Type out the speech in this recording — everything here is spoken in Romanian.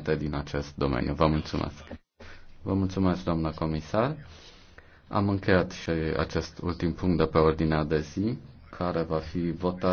importante din acest domeniu. Vă mulțumesc. Vă mulțumesc, doamnă comisar. Am încheiat și acest ultim punct de pe ordinea de zi, care va fi votat.